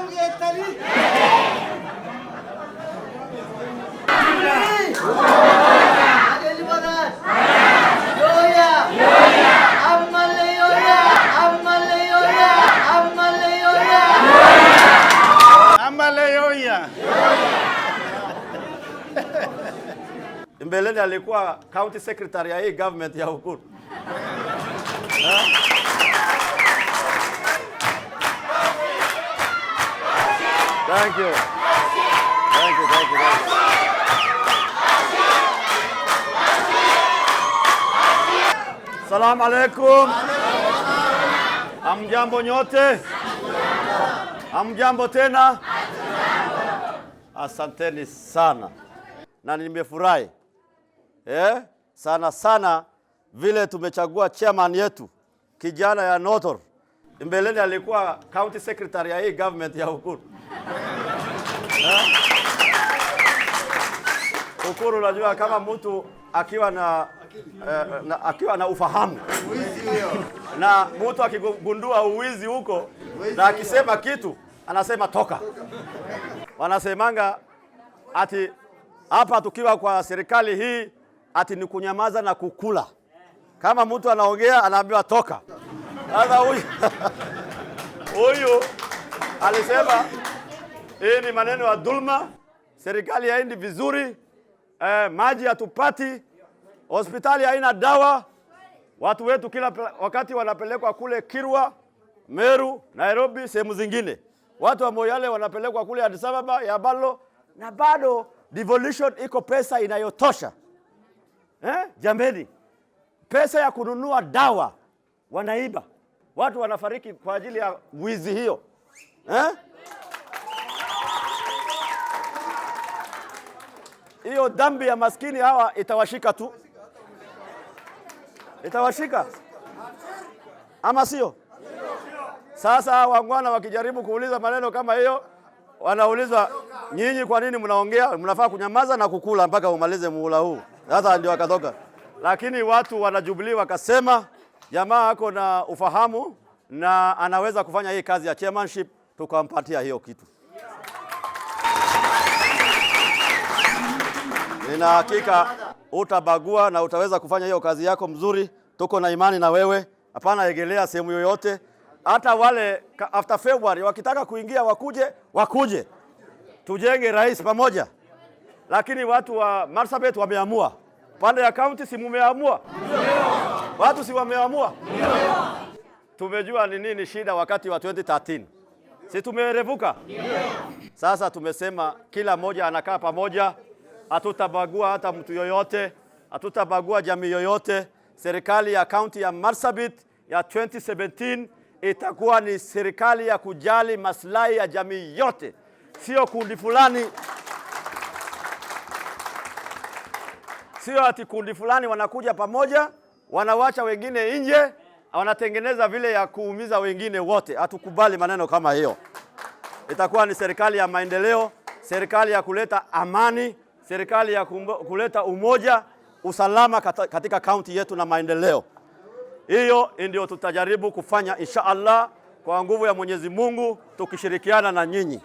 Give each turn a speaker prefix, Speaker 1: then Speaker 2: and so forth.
Speaker 1: yangu ya utalii. Mbeleni alikuwa county secretary ya hii government ya Ukuru. Thank you. Thank you, thank you, thank you. Salamu alaikum. Hamjambo nyote? Hamjambo tena? Asanteni sana na nimefurahi eh, sana sana vile tumechagua chairman yetu kijana ya Notor mbeleni alikuwa county secretary ya hii government ya Ukuru Ukuru, unajua kama mtu akiwa na, eh, na akiwa na ufahamu na mtu akigundua uwizi huko na akisema kitu anasema toka. Wanasemanga ati hapa tukiwa kwa serikali hii ati ni kunyamaza na kukula. Kama mtu anaongea anaambiwa toka. Sasa huyu huyu alisema hii ni maneno ya dhulma, serikali haendi vizuri eh, maji hatupati, hospitali haina dawa, watu wetu kila wakati wanapelekwa kule Kirwa, Meru, Nairobi, sehemu zingine. Watu wa Moyale wanapelekwa kule Addis Ababa, Yaballo, na bado devolution iko pesa inayotosha eh? Jambeni, pesa ya kununua dawa wanaiba watu wanafariki kwa ajili ya wizi hiyo eh? hiyo dhambi ya maskini hawa itawashika tu, itawashika ama sio? Sasa hawa wangwana wakijaribu kuuliza maneno kama hiyo, wanaulizwa nyinyi, kwa nini mnaongea? Mnafaa kunyamaza na kukula mpaka umalize muhula huu. Sasa ndio akatoka lakini watu wanajubilii wakasema jamaa ako na ufahamu na anaweza kufanya hii kazi ya chairmanship, tukampatia hiyo kitu. Nina hakika utabagua na utaweza kufanya hiyo kazi yako mzuri. Tuko na imani na wewe, hapana egelea sehemu yoyote. Hata wale after February wakitaka kuingia wakuje, wakuje tujenge rais pamoja. Lakini watu wa Marsabit wameamua, pande ya county si mumeamua? Watu si wameamua? Tumejua ni nini shida wakati wa 2013. Si tumeerevuka? Sasa tumesema kila mmoja anakaa pamoja, hatutabagua hata mtu yoyote, hatutabagua jamii yoyote. Serikali ya kaunti ya Marsabit ya 2017 itakuwa ni serikali ya kujali maslahi ya jamii yote, sio kundi fulani, sio ati kundi fulani wanakuja pamoja wanawacha wengine nje, wanatengeneza vile ya kuumiza wengine wote. Hatukubali maneno kama hiyo. Itakuwa ni serikali ya maendeleo, serikali ya kuleta amani, serikali ya kuleta umoja, usalama katika kaunti yetu na maendeleo. Hiyo ndio tutajaribu kufanya insha Allah kwa nguvu ya Mwenyezi Mungu tukishirikiana na nyinyi.